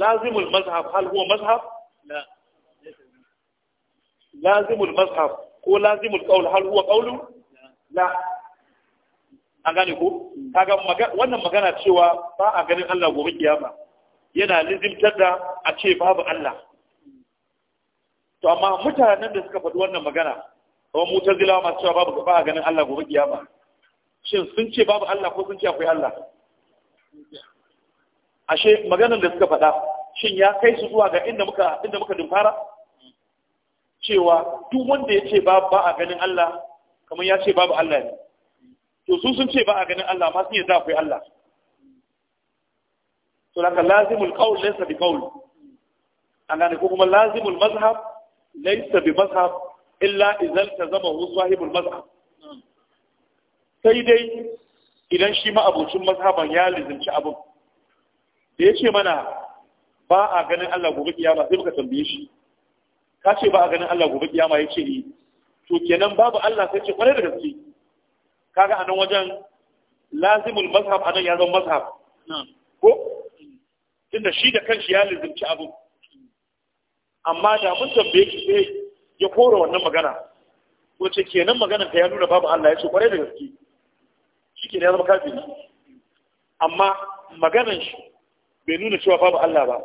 lazimul المذهب هل هو مذهب؟ لا لازم المذهب ko lazimul القول hal هو قول؟ لا an gane ko kaga wannan magana cewa ba a ganin Allah gobe kiyama yana lizimtar da a ce babu Allah to amma mutanen da suka faɗi wannan magana kuma mutazila masu cewa babu ba a ganin Allah gobe kiyama shin sun ce babu Allah ko sun ce akwai Allah ashe maganar da suka faɗa shin ya kai su zuwa ga inda muka inda muka dumfara cewa duk wanda ya ce ba ba a ganin Allah kamar ya ce babu Allah ne to su sun ce ba a ganin Allah ma sun yi akwai Allah to laka lazimul qawl laysa bi qawl an gane ko kuma lazimul mazhab laysa bi mazhab illa idan tazamahu sahibul mazhab sai dai idan shi ma abocin mazhaban ya lizinci abin da ya ce mana ba a ganin Allah gobe kiyama sai muka tambaye shi ka ce ba a ganin Allah gobe kiyama ya ce ni eh. to kenan babu Allah sai ce kwarai da gaske kaga a nan wajen lazimul mazhab a nan ya zama mazhab ko tunda shi da kanshi ya lizimci abu amma da mun tambaye shi sai ya kora wannan magana ko ce kenan maganar ka ya nuna babu Allah ya ce kwarai da gaske shi kenan ya zama kafiri amma maganar shi bai nuna cewa babu Allah ba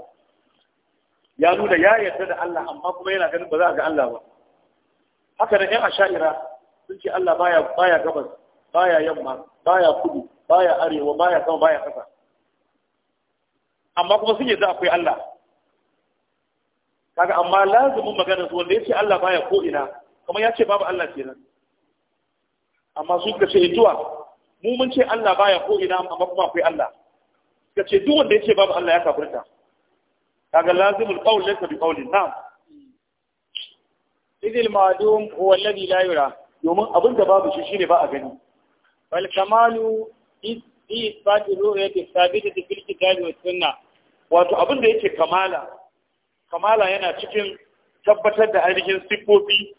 ya nuna ya yarda da Allah amma kuma yana ganin ba za a ga Allah ba haka nan yan asha'ira sun ce Allah baya baya gabas baya yamma baya kudu baya arewa baya sama baya kasa amma kuma sun yarda akwai Allah kaga amma lazumin magana su wanda ya ce Allah baya ko ina kamar ya ce babu Allah kenan amma su ka ce zuwa mu mun ce Allah baya ko ina amma kuma akwai Allah ka ce duk wanda ya ce babu Allah ya kafirta kaga lazimul qawl laysa bi qawli na'am idil ma'dum huwa alladhi la yura domin abin da babu shi shine ba a gani wal kamalu bi fati ru'yati sabitati fil kitabi was sunnah wato abin da yake kamala kamala yana cikin tabbatar da ainihin siffofi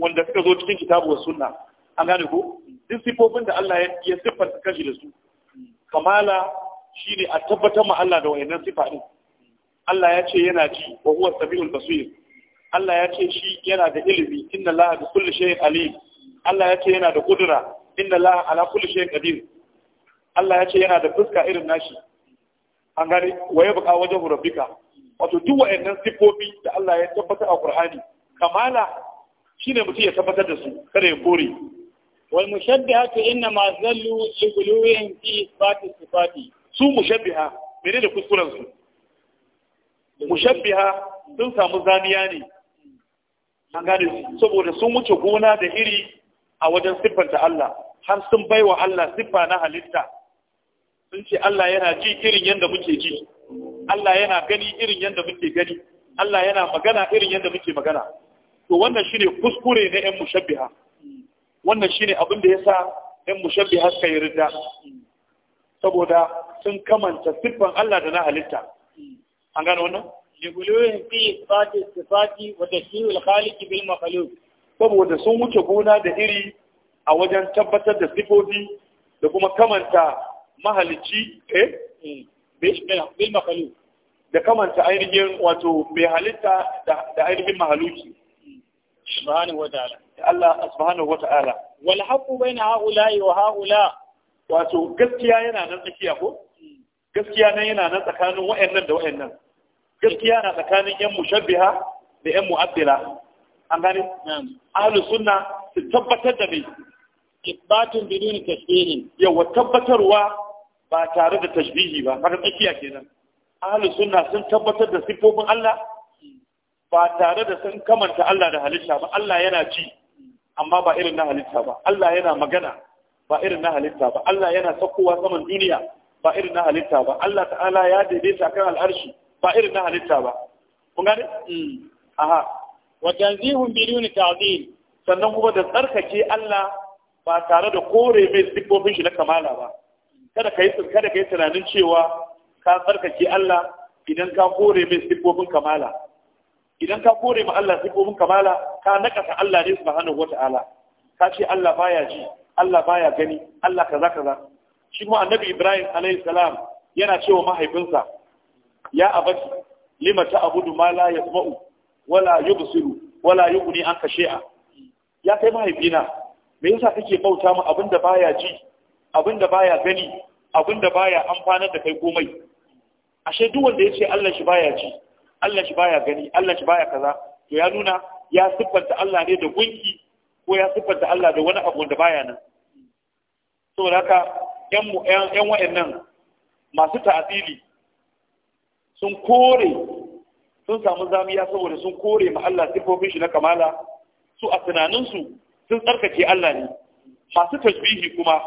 wanda suka zo cikin kitabu was sunna an gane ko duk siffofin da Allah ya siffanta kashi da su kamala Shi ne a tabbatar ma Allah da wayannan sifa din Allah ya ce yana ji wa huwa samiul basir Allah ya ce shi yana da ilimi inna Allah bi kulli shay'in alim Allah ya ce yana da kudura inna Allah ala kulli shay'in qadir Allah ya ce yana da fuska irin nashi an gani wa ya buƙa wajen rabbika wato duk wayannan sifofi da Allah ya tabbatar a Qur'ani kamala shine mutum ya tabbatar da su kada ya kore wal mushaddahatu inna ma zallu li guluwin fi su sifati su mushabbiha menene kuskuren su mushabbiha sun samu zaniya ne an gane saboda sun wuce gona da iri a wajen siffanta Allah har sun baiwa Allah siffa na halitta sun ce Allah yana ji irin yadda muke ji Allah yana gani irin yadda muke gani Allah yana magana irin yadda muke magana to wannan shine kuskure na 'yan mushabbiha wannan shine abin da yasa 'yan mushabbiha suka yi saboda sun kamanta siffan Allah da na halitta an gano wannan liguluhin fi sifati sifati wa tashbihul khaliq bil makhluq saboda sun wuce gona da iri a wajen tabbatar da sifofi da kuma kamanta mahalicci eh hmm. bil makhluq da kamanta ainihin wato mai halitta da ainihin mahaluki subhanahu wa ta'ala Allah subhanahu wa ta'ala wal haqqu bayna ha'ula'i wa ha'ula' wato gaskiya yana nan tsakiya ko gaskiya nan yana nan tsakanin wa'annan da wa'annan gaskiya na tsakanin yan mushabbiha da yan mu'addila an gane ahlu sunna su tabbatar da mai ibbatun biduni tashbihin yawa tabbatarwa ba tare da tashbihi ba Haka tsakiya kenan ahlu sunna sun tabbatar da sifofin Allah ba tare da sun kamanta Allah da halitta ba Allah yana ci amma ba irin na halitta ba Allah yana magana ba irin na halitta ba Allah yana sakowa saman duniya ba irin na halitta ba Allah ta'ala ya daidaita kan al'arshi ba irin na halitta ba kun gane hmm. aha wa tanzihun biduni ta'dil sannan kuma da tsarkake Allah ba tare da kore mai siffofin shi na kamala ba kada ka yi kada ka tunanin cewa ka tsarkake Allah idan ka kore mai siffofin kamala idan ka kore ma Allah siffofin kamala ka nakasa Allah ne subhanahu wata'ala ka ce Allah baya ji Allah baya gani Allah kaza kaza shi ma annabi Ibrahim alayhi salam yana cewa mahaifinsa ya abaki lima ta'budu ma la yasma'u wala yubsiru wala yughni anka shay'a ya kai mahaifina me yasa kake bauta mu abinda baya ji abinda baya gani abinda baya amfanar da kai komai ashe duk wanda yace Allah shi baya ji Allah shi baya gani Allah shi baya kaza to ya nuna ya siffanta Allah ne da gunki ko ya siffanta Allah da wani abu da baya nan saboda haka yan nan masu ta'adili sun kore sun samu zamiya saboda sun kore ma Allah siffofin shi na kamala su a tunaninsu sun tsarkake Allah ne masu tasbihi kuma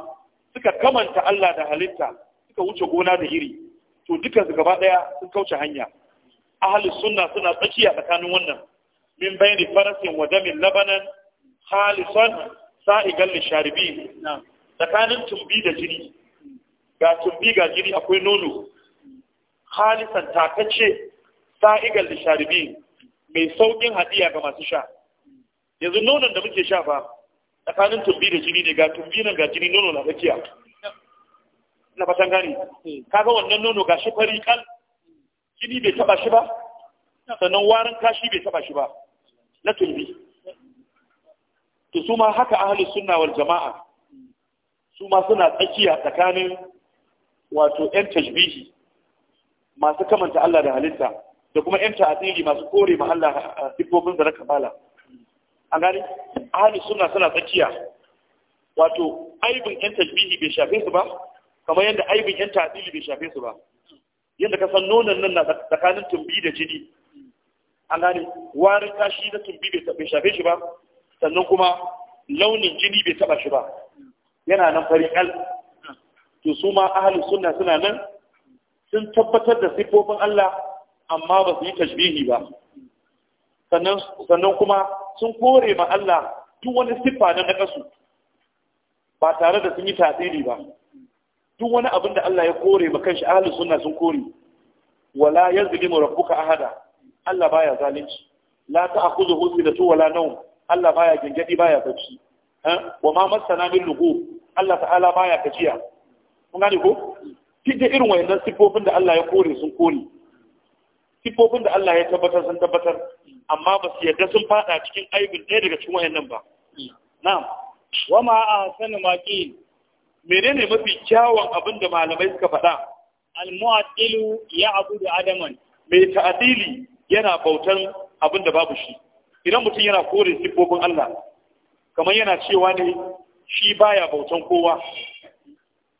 suka kamanta Allah da halitta suka wuce gona da iri to duka su gaba ɗaya sun kauce hanya ahlus sunna suna tsakiya tsakanin wannan min bayni farasin wa damin labanan khalisan sa'igan lisharibi tsakanin tumbi da jini ga tumbi ga jini akwai nono khalisan takacce sa'igan lisharibi mai saukin hadiya ga masu sha yanzu nonon da muke sha fa tsakanin tumbi da jini ne ga tumbi nan ga jini nono na tsakiya na fatan gani eh. kaga wannan nono ga shi fari kal jini bai taba shi ba sannan warin kashi bai taba shi ba na tumbi to su ma haka ahlus sunna wal jama'a su ma suna tsakiya tsakanin wato yan tashbihi masu kamanta Allah da halitta da kuma yan ta'adili masu kore ma Allah sifofin da na kamala A gani ahlus sunna suna tsakiya wato aibin yan tashbihi bai shafe su ba kamar yadda aibin yan ta'adili bai shafe su ba yadda ka san nonon nan na tsakanin tumbi da jini a gane warin kashi na tumbi bai shafe shi ba sannan kuma launin jini bai taba shi ba yana nan fari al to su ma ahlus sunna suna nan sun tabbatar da sifofin Allah amma ba su yi tashbihi ba sannan sannan kuma sun kore ma Allah duk wani siffa na nakasu ba tare da sun yi tasiri ba duk wani abin da Allah ya kore ma kanshi ahlus sunna sun kore wala yazlimu rabbuka ahada Allah baya zalunci la ta'khudhuhu sinatu wala nawm Allah baya gingadi ya bacci wa ma masana min lugu Allah ta'ala ya kaciya. kun gane ko kije irin wayannan sifofin da Allah ya kore sun kore sifofin da Allah ya tabbatar sun tabbatar amma ba su yadda sun fada cikin aibin ɗaya daga cikin wayannan ba na'am wa ma ahsanu ma qil menene mafi kyawun abin da malamai suka faɗa al-mu'addilu ya'budu adaman mai ta'adili yana bautan abin da babu shi idan mutum yana kore siffofin Allah kamar yana cewa ne shi baya bautan kowa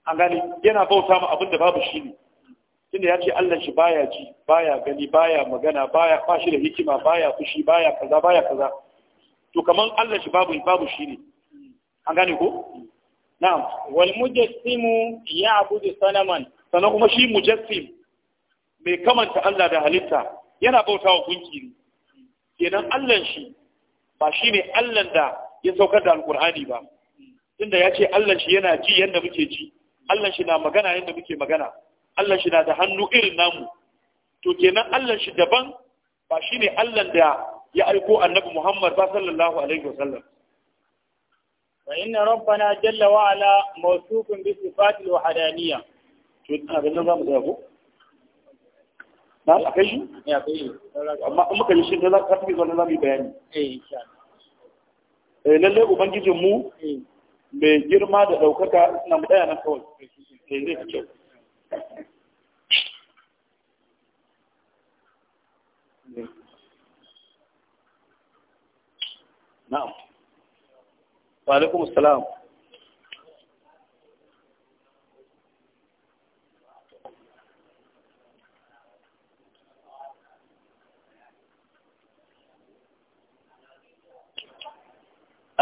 an gani yana bauta ma abin da babu shi ne tunda ya ce Allah shi baya ji baya gani baya magana baya fashi da hikima baya fushi baya kaza baya kaza to kamar Allah shi babu babu shi ne an gane ko na'am wal mujassimu ya'budu sanaman sannan kuma shi mujassim mai kamanta Allah da halitta yana bautawa gunki ne kenan allan shi ba shi ne allan da ya saukar da alkur'ani ba tunda ya ce allan shi yana ji yadda muke ji allan shi na magana yadda muke magana allan shi na da hannu irin namu to kenan allan shi daban ba shi ne allan da ya aiko annabi muhammad ba sallallahu alaihi wasallam sifati ربنا جل وعلا موصوف بصفات za mu ga ko na a kai eh, shi amma in muka da shi ta ka zuwa za mu bayani eh, eh lalle ubangijin mu eh. mai girma da daukaka suna mu nan kawai sai zai fi kyau na'am wa alaikum assalam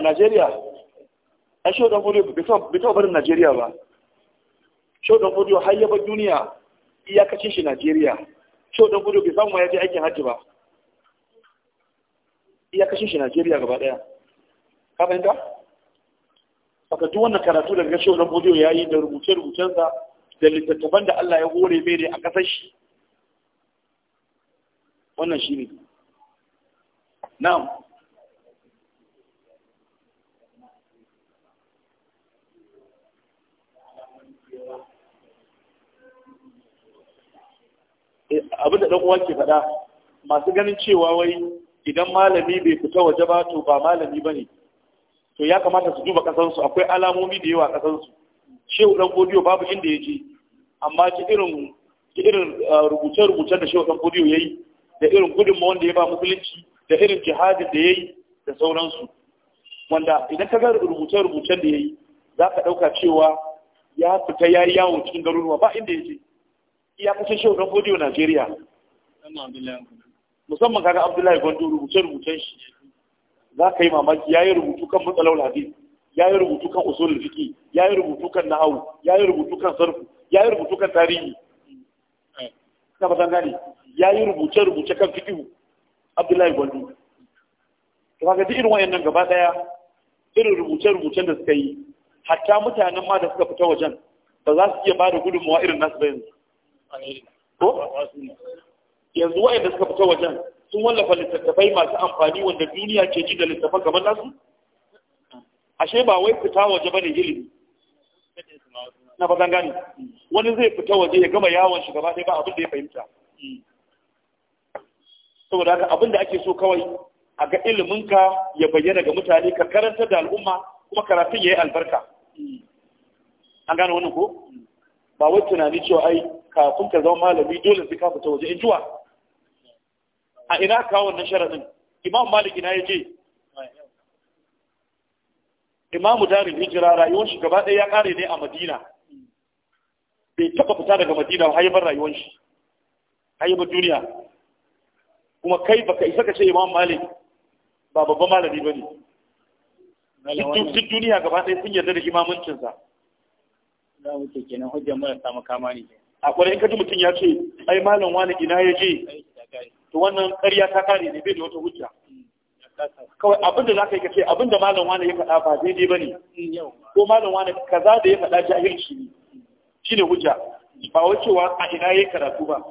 Najeriya a shi ɗan fodiyo bai taɓa barin Najeriya ba shi ɗan fodiyo har yaba duniya iyakacin shi Najeriya shi ɗan fodiyo bai samu ya je aikin hajji ba iyakacin shi Najeriya gaba ɗaya ka fahimta saka duk wannan karatu daga shi ɗan fodiyo ya yi da rubuce-rubucensa da littattafan da Allah ya hore mai ne a ƙasar shi wannan shi ne na'am abin da uwa ke faɗa masu ganin cewa wai idan malami bai fita waje ba to ba malami ba ne to ya kamata su duba ƙasansu akwai alamomi da yawa ƙasansu shehu ɗan kodiyo babu inda ya je amma ki irin irin ah, rubuce-rubucen da shehu ɗan kodiyo ya yi da irin gudunmawar da ya ba musulunci da irin jihadin da ya yi da sauransu wanda idan ka ga rubuce-rubucen da ya yi za ka ɗauka cewa ya fita ya yi yawo cikin garuruwa ba inda ya je iyakacin shi don godiyo Najeriya. Musamman kaga Abdullahi Gwando, rubuce-rubucen shi za ka yi mamaki ya yi rubutu kan matsalar hadis, ya yi rubutu kan usulul fiki, ya yi rubutu kan nahawu, ya yi rubutu kan sarfu, ya yi rubutu kan tarihi. Eh. Na ba gane, ya yi rubuce-rubuce kan fiki Abdullahi Gwando. To ga duk irin wayannan gaba daya irin rubuce-rubucen da suka yi hatta mutanen ma da suka fita wajen ba za su iya ba da gudunmawa irin nasu ba yanzu. ko yanzu wa'anda suka fita wajen sun wallafa littattafai masu amfani wanda duniya ke ji da littattafan kamar nasu ashe ba wai fita waje bane ilimi na ba gane. wani zai fita waje ya gama yawon shi gaba ba abin da ya fahimta saboda haka abin da ake so kawai a ga iliminka ya bayyana ga mutane ka karanta da al'umma kuma karatun ya yi albarka an gane wani ko ba wai tunani cewa ai kafin ka zama malami dole sai ka fita waje in juwa a ina ka wannan sharadin imam malik ina yaje imam Dari hijira rayuwar shi gaba ɗaya ya kare ne a madina bai taba fita daga madina har yabar rayuwar shi har yabar duniya kuma kai baka isa ka ce imam malik ba babban malami bane duk duniya gaba ɗaya sun yarda da imamancinsa za mu ce kenan hujjar marasa makama ne a kwarai in kaji mutum ya ce ai malam wani ina ya je to wannan ƙarya ta kare ne bai da wata hujja mm, kawai abin da za ka yi kace abin da malam wani ya faɗa ba daidai ba ne mm, ko malam wani kaza da ya faɗa jahilci ne mm. shi ne hujja ba wai cewa a ina ya yi karatu ba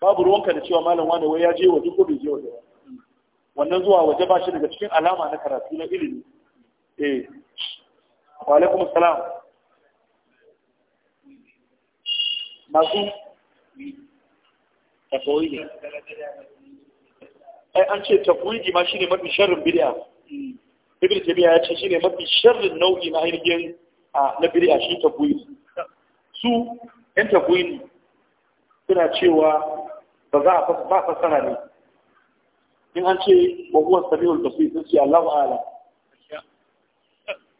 babu ruwanka da cewa malam wani wai ya je waje ko bai je waje ba wannan zuwa waje ba shi daga cikin alama na karatu na ilimi eh wa alaikum salam masu tafawidi ai an ce tafoyi ma shine mafi sharrin bid'a ibn tabiya ya ce shine mafi sharrin nau'i na ainihin na bid'a shi tafoyi. su yan tafoyi suna cewa ba za a ba fasara ne in an ce wa huwa samiul basir sun ce Allahu a'lam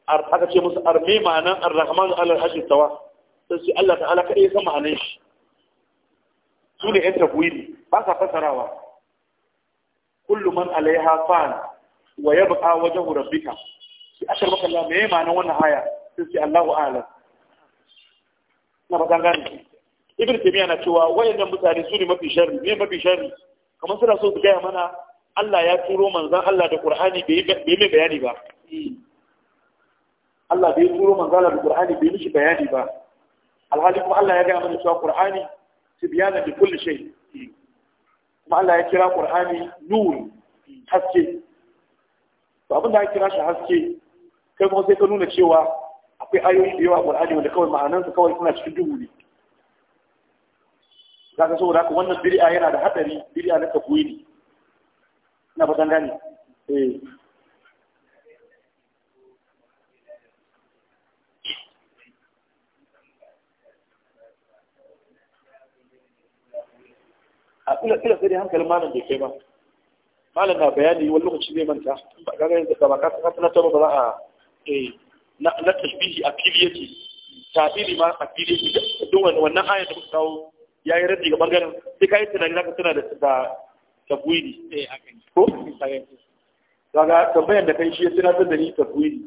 ar Aka ce musu arme ma'anan ar-rahman ala al-arshi tawa sai su Allah ta'ala kaɗai ya san ma'anan shi su ne yan tafwili ba sa fasarawa kullu man alaiha fa’an wa wurin bika. rabbika sai akar maka Allah ma na wannan haya. sai Allah Allahu ala na ba ne. ibn taymiya na cewa wayannan mutane su ne mafi sharri ne mafi sharri kamar suna so su gaya mana Allah ya turo manzan Allah da Qur'ani bai mai bayani ba hmm. Allah bai turo manzan Allah da Qur'ani bai mishi bayani ba alhali kuma Allah ya gaya mana cewa Qur'ani tibyana bi kulli shay kuma Allah ya kira Qur'ani nur haske to abinda ya kira shi haske kai kuma sai ka nuna cewa akwai ayoyi da yawa a Qur'ani wanda kawai ma'anansa kawai suna cikin duhu ne zaka saboda haka wannan bid'a yana da hadari bid'a na tafwidi ina ba gane eh a kula kula sai dai hankalin malam bai kai ba malam na bayani wani lokaci zai manta ba ga yanzu ba ka ka tana ba za a eh na na tashbihi a fili yake ma a fili yake don wannan ayat da kuka kawo yayi raddi ga bangaren sai kai tunani zaka tana da da tabwidi eh akan ko daga tambayar da kai shi ya tunatar da ni tabwidi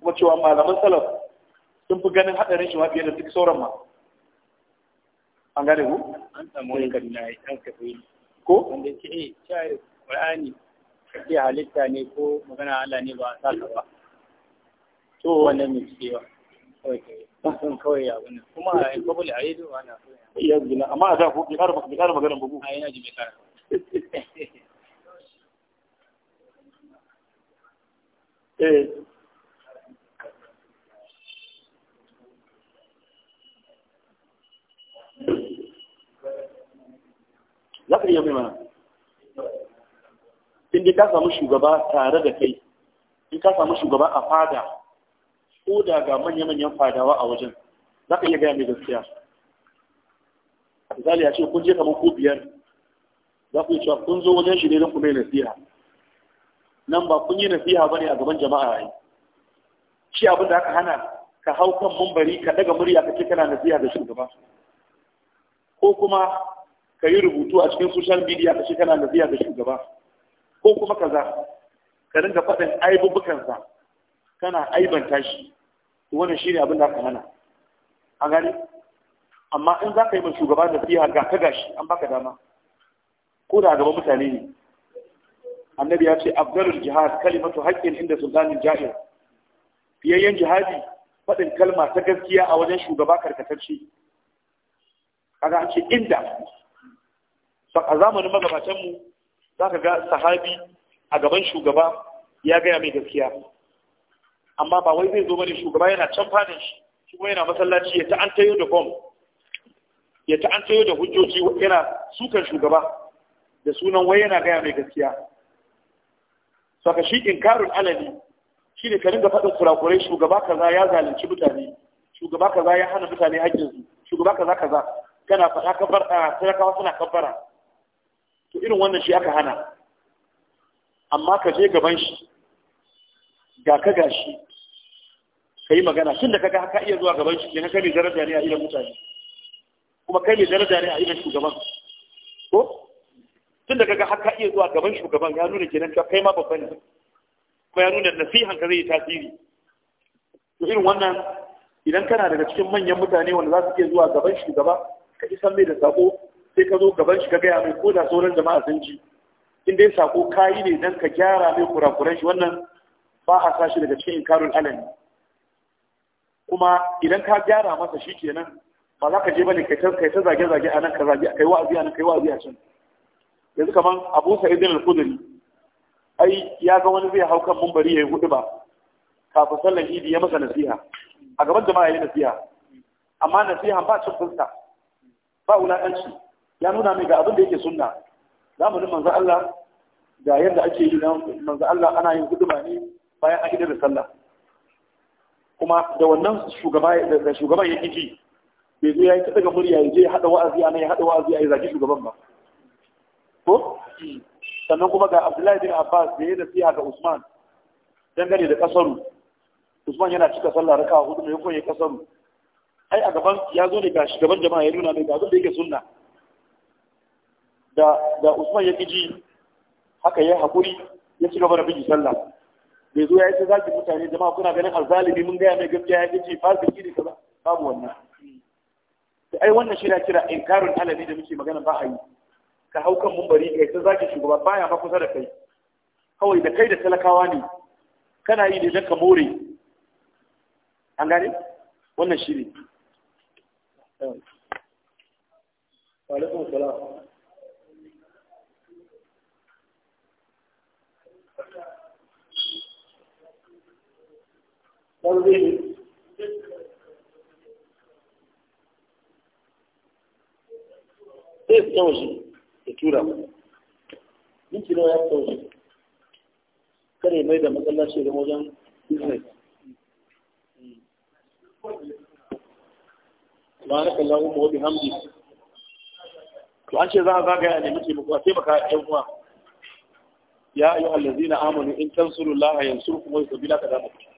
kuma cewa malaman salaf sun fi ganin hadarin shi ma fiye da duk sauran ma an gane ku an samu wani kaduna ya san kafiri ko wanda ce eh cewa qur'ani ce halitta ne ko magana Allah ne ba sa ka ba to wannan mai cewa ba kawai kawai ya wannan kuma a yi kabul a yi rediyo ana iya gina amma a sa ku bi kara bi kara magana bugu a yana ji bi kara [laughs] eh za ka iya mai mana ka samu shugaba tare da kai in ka samu shugaba a fada ko da ga manya-manyan fadawa a wajen za ka iya gaya mai gaskiya misali ya ce kun je kamar ko biyar za ku yi cewa kun zo wajen shi ne don ku mai nasiha nan ba kun yi nasiha ba ne a gaban jama'a yi shi abin da aka hana ka hau kan mumbari ka daga murya ka ce kana nasiha da shugaba ko kuma ka yi rubutu a cikin social media ka ce kana nasiha da shugaba ko kuma kaza ka dinga faɗin aibubukansa kana aibanta shi to wannan shine abin da aka hana an gani amma in za ka yi mai shugaba da nasiha ga ka gashi an baka dama ko da gaba mutane ne annabi ya ce abdalul jihad kalimatu haqqin inda sultanin jahil fiyayyen jihadi faɗin kalma ta gaskiya a wajen shugaba karkatacce kaga an ce inda a zamanin magabatanmu za ka ga sahabi a gaban shugaba ya gaya mai gaskiya amma ba wai zai zo bane shugaba yana can fadin shi shi kuma yana masallaci ya ta'antayo da bom ya ta'antayo da hujjoji yana sukan shugaba da sunan wai yana gaya mai gaskiya saka shi inkarun alali shi ne ka ringa faɗin kurakurai shugaba kaza ya zalunci mutane shugaba kaza ya hana mutane haƙƙinsu shugaba kaza kaza kana faɗa kabar a talakawa suna kabara to irin wannan shi aka hana amma ka je gaban shi ga ka gashi ka yi magana tun da kaga haka iya zuwa gaban shi kenan kai mai daraja ne a idan mutane kuma kai mai daraja ne a idan shugaban ko tun da kaga haka iya zuwa gaban shugaban ya nuna kenan cewa kai ma babban ne kuma ya nuna nasihan ka zai yi tasiri to irin wannan idan kana daga cikin manyan mutane wanda za su iya zuwa gaban shugaba ka isan mai da sako sai ka zo gaban shi ka gaya mai ko da sauran jama'a sun ji in dai sako kayi ne dan ka gyara mai kurakuran shi wannan ba a sa shi daga cikin inkarul alani kuma idan ka gyara masa shi kenan ba za ka je bane kai kai ta zage zage a nan ka zage kai wa'azi nan kai wa'azi a can yanzu kaman Abu Sa'id al-Khudri ai ya ga wani zai hau kan mumbari yayi hudu ba kafin sallan idi ya masa nasiha a gaban jama'a yayi nasiha amma nasiha ba cin fuska ba wulaƙanci ya nuna mai ga abin da yake sunna zamanin manzo Allah ga yadda ake yi manzo Allah ana yin huduma ne bayan an idar da sallah kuma da wannan shugaban ya kiki bai zo yayi daga murya ya je ya haɗa wa'azi a ya haɗa wa'azi a yi zaki shugaban ba ko sannan kuma ga Abdullahi bin Abbas da ya nasiha ga Usman dangane da kasaru Usman yana cika sallah raka'a hudu mai koyi kasaru ai a gaban ya zo ne ga shugaban jama'a ya nuna mai ga abin da yake sunna da usman ya ji haka ya haƙuri ya ci gaba da biji sallah bai zo ya yi ta zaki mutane jama'a kuna ganin alzalimi mun gaya mai gaskiya ya ce shi ne kaza babu wannan to ai wannan shi na kira inkarun alabi da muke magana ba a yi ka hau kan mumbari kai ta zaki shugaba baya ma kusa da kai kawai da kai da talakawa ne kana yi ne don ka more an gane wannan shi ne wa alaikum salam تنظيمي إيه كيف توجي تتورا من تلو يات توجي كري ميدا مثلا شيء لموجا بزنس بارك الله وهو بحمدي وأن شاء الله ذاك يعني مثل مقاتبة كأيوة يا أيها الذين آمنوا إن تنصروا الله ينصركم ويصبح بلا كذا مكتب